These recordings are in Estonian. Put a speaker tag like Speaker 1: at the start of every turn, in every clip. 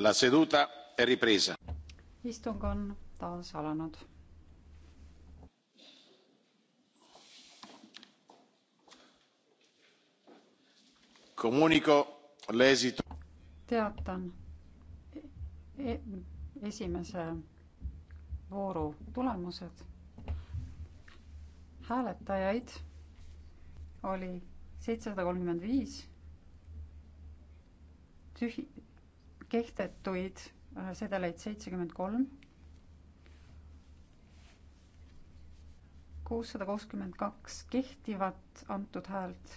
Speaker 1: La seduta è ripresa.
Speaker 2: istung on taas alanud.
Speaker 1: Comunico l'esito.
Speaker 2: teatan e esimese vooru tulemused. hääletajaid oli seitsesada kolmkümmend viis tühi-, kehtetuid äh, sedeleid seitsekümmend kolm, kuussada kuuskümmend kaks kehtivat antud häält.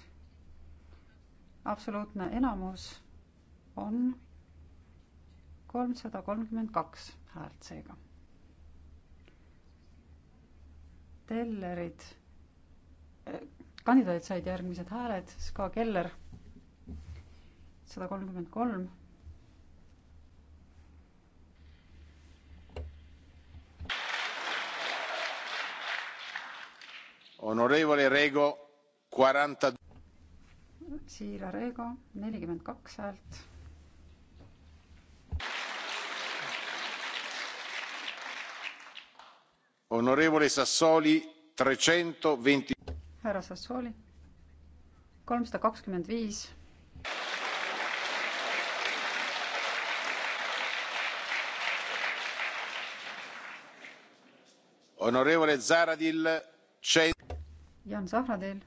Speaker 2: absoluutne enamus on kolmsada kolmkümmend kaks häält seega. tellerid, äh, kandidaadid said järgmised hääled, Ska Keller sada kolmkümmend kolm
Speaker 1: Honorevole Rego, quaranta.
Speaker 2: Siira Rego, nelikümmend kaks häält.
Speaker 1: Honorevole Sassoli, trecentoventi.
Speaker 2: härra Sassoli, kolmsada kakskümmend viis.
Speaker 1: Honorevole Zahradil,
Speaker 2: Jan Zahradil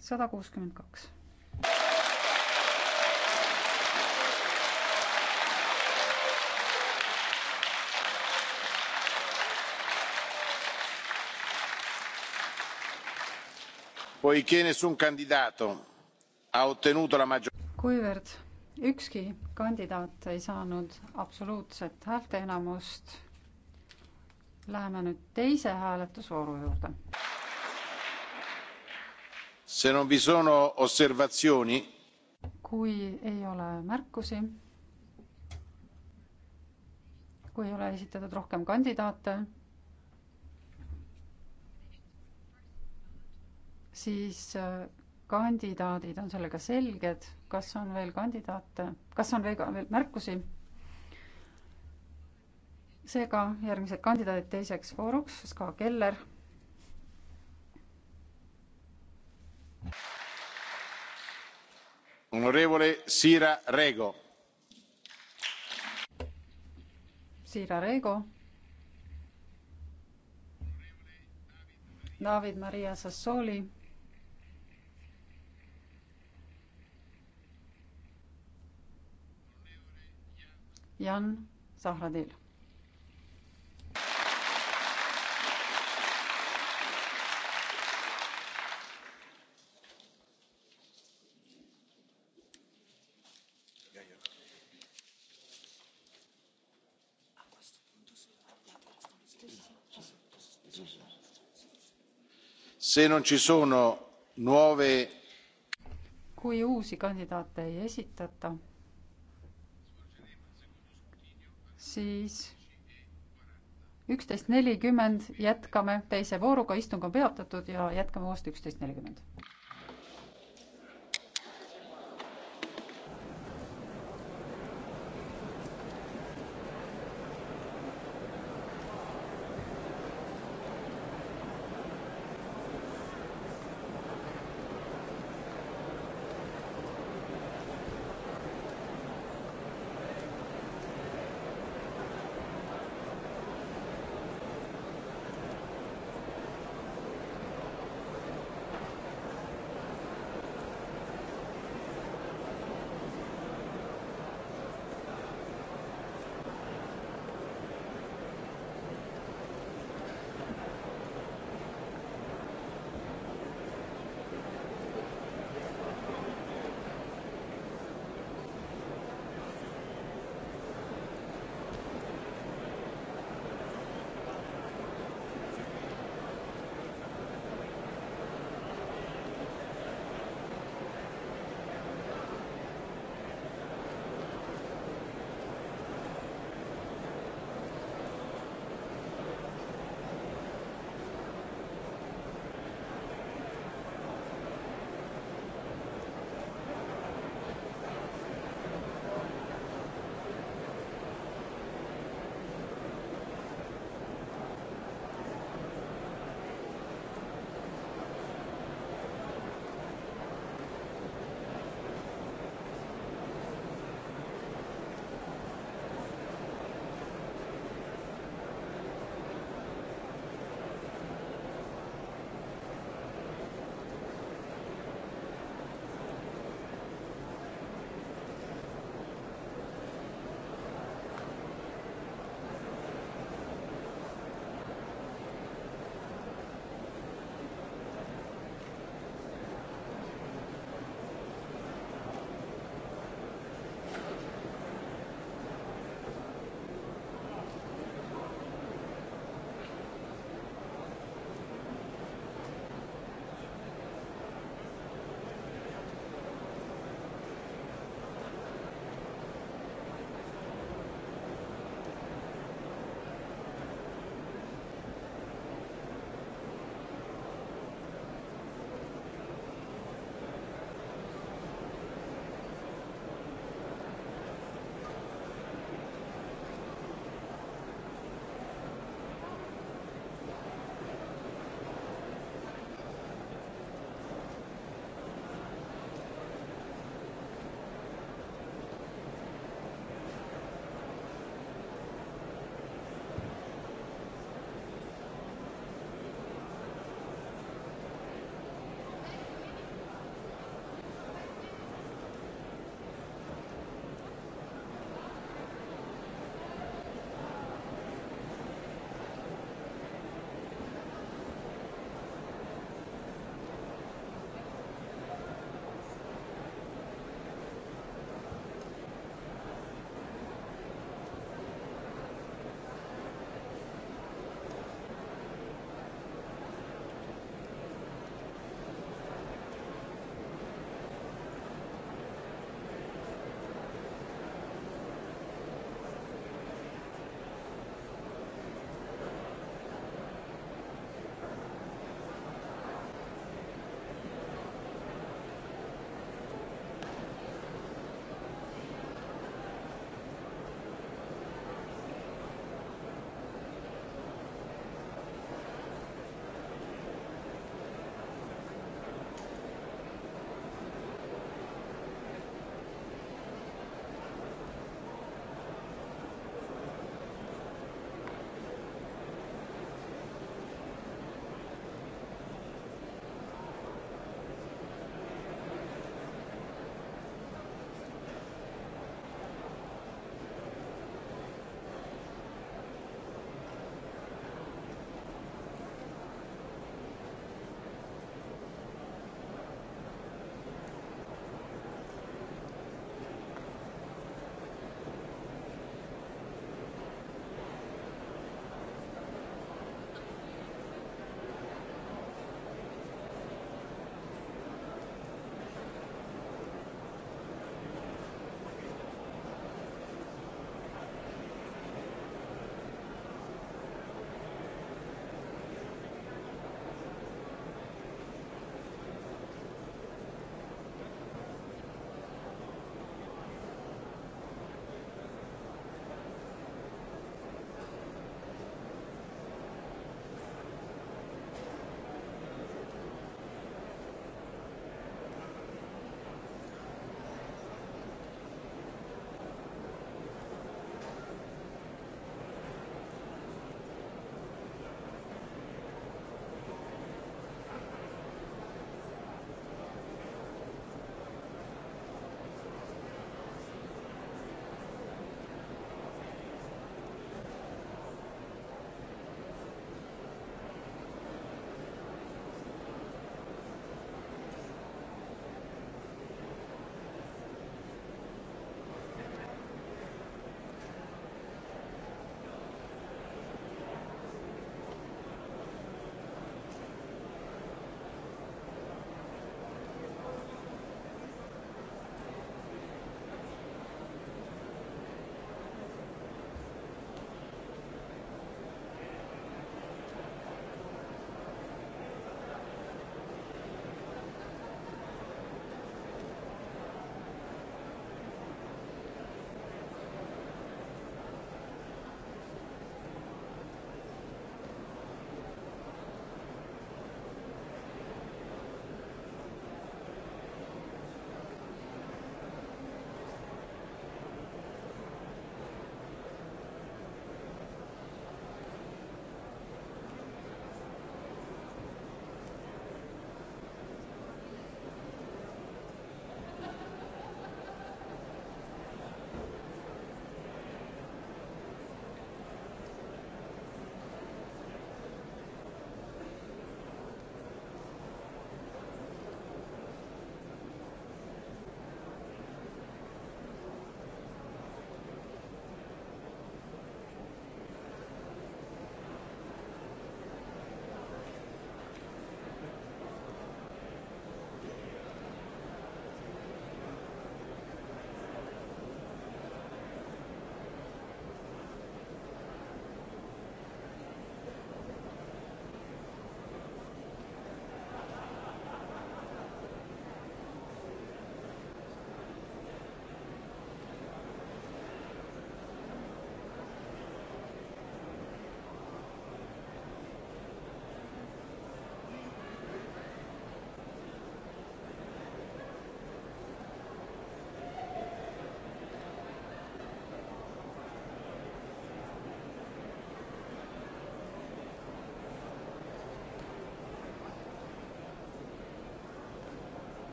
Speaker 2: sada kuuskümmend kaks.
Speaker 1: poiché nessun candidato ha ottenuto la maggioranza.
Speaker 2: kuivõrd ükski kandidaat ei saanud absoluutset häälteenamust, läheme nüüd teise hääletusvooru juurde kui ei ole märkusi, kui ei ole esitatud rohkem kandidaate, siis äh, kandidaadid on sellega selged. kas on veel kandidaate, kas on veel, veel märkusi? seega järgmised kandidaadid teiseks vooruks, Ska Keller
Speaker 1: onorevole Siira Rego.
Speaker 2: Siira Rego. David Maria Sassoli. Jan Zahradil.
Speaker 1: se non ci sono nuove
Speaker 2: kui uusi kandidaate ei esitata, siis üksteist nelikümmend jätkame teise vooruga, istung on peatatud ja jätkame uuesti üksteist nelikümmend.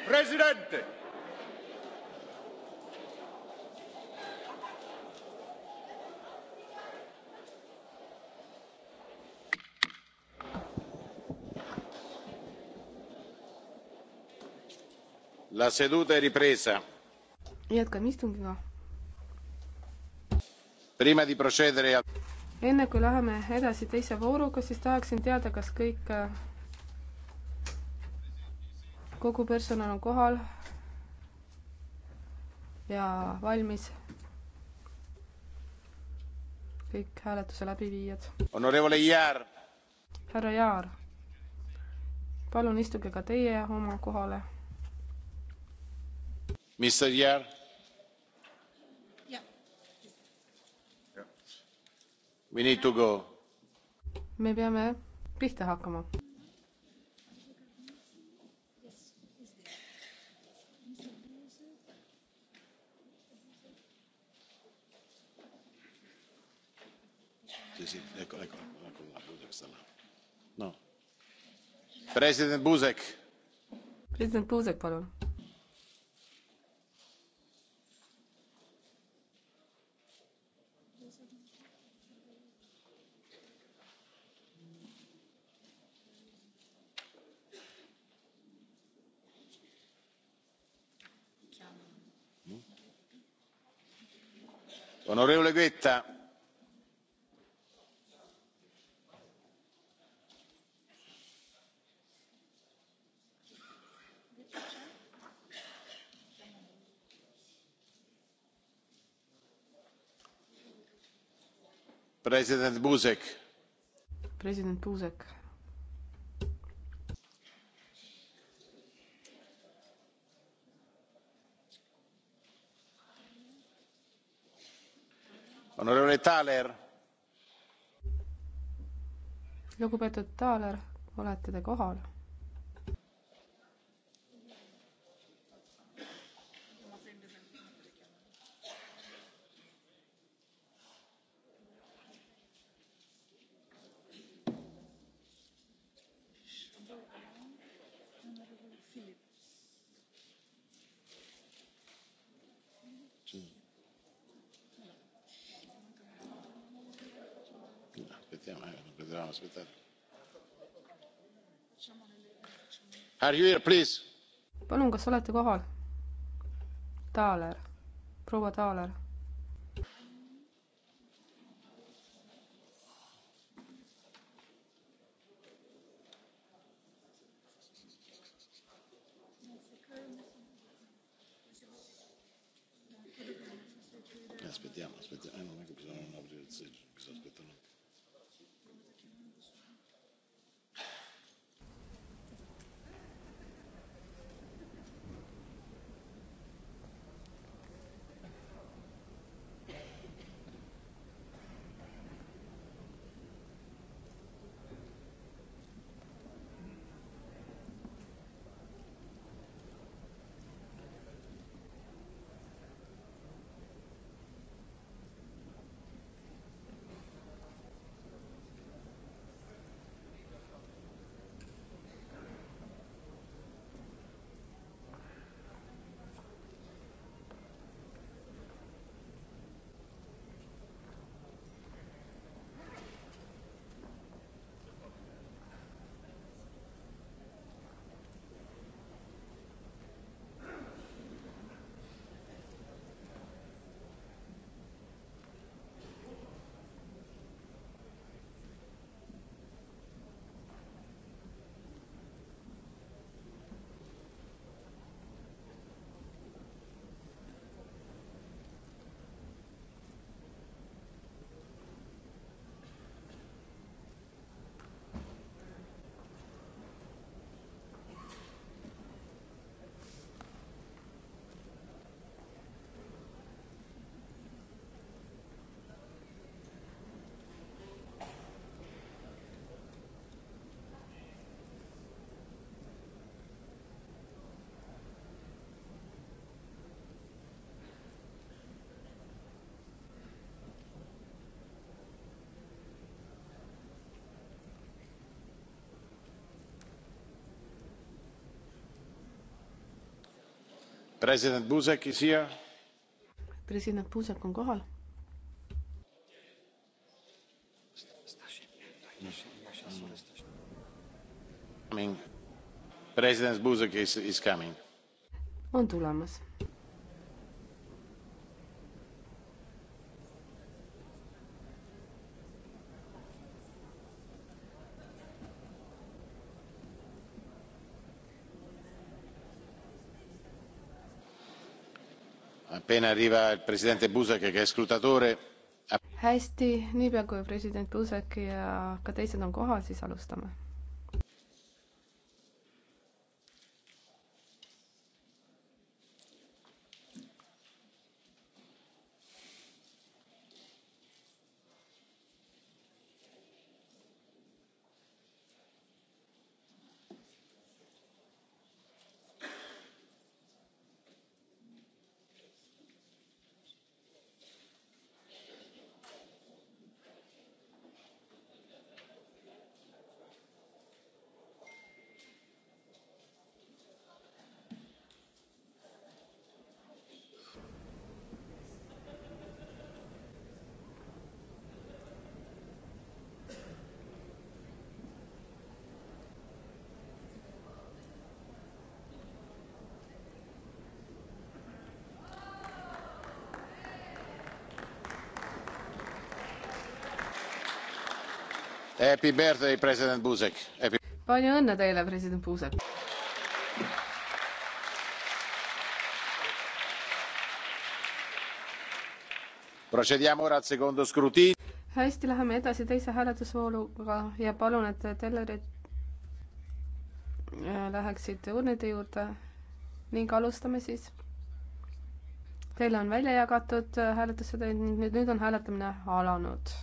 Speaker 1: il presidente. la seduta è ripresa.
Speaker 3: jätkame istungiga.
Speaker 1: prima di procedere.
Speaker 3: enne kui läheme edasi teise vooruga siis tahaksin teada kas kõik kogu personal on kohal ja valmis. kõik hääletuse läbiviijad. härra Jaar, palun istuge ka teie oma kohale.
Speaker 1: Mr Jaar. We need to go.
Speaker 3: me peame pihta hakkama.
Speaker 1: No. president buzek.
Speaker 3: president buzek palun!
Speaker 1: onorevole guetta president buzek
Speaker 3: president buzek
Speaker 1: onorevole thaler
Speaker 3: lugupeetud thaler olete te kohal?
Speaker 1: hospital. Are you here, please?
Speaker 3: palun, kas olete kohal? Taaler, proua Taaler
Speaker 1: president buzek is here.
Speaker 3: president buzek on kohal.
Speaker 1: president buzek is, is coming.
Speaker 3: on tulemas
Speaker 1: appena arriva il presidente Buzek, kes scrutatore.
Speaker 3: hästi, niipea kui president Buzek ja ka teised on kohal, siis alustame
Speaker 1: Happy birthday, president Buzek Happy...!
Speaker 3: palju õnne teile, president Buzek!
Speaker 1: procediamo ora al secondo scrutinio.
Speaker 3: hästi, läheme edasi teise hääletusvooluga ja palun, et tellerid äh, läheksid urnide juurde ning alustame siis. Teile on välja jagatud äh, hääletussedelid ning nüüd on hääletamine alanud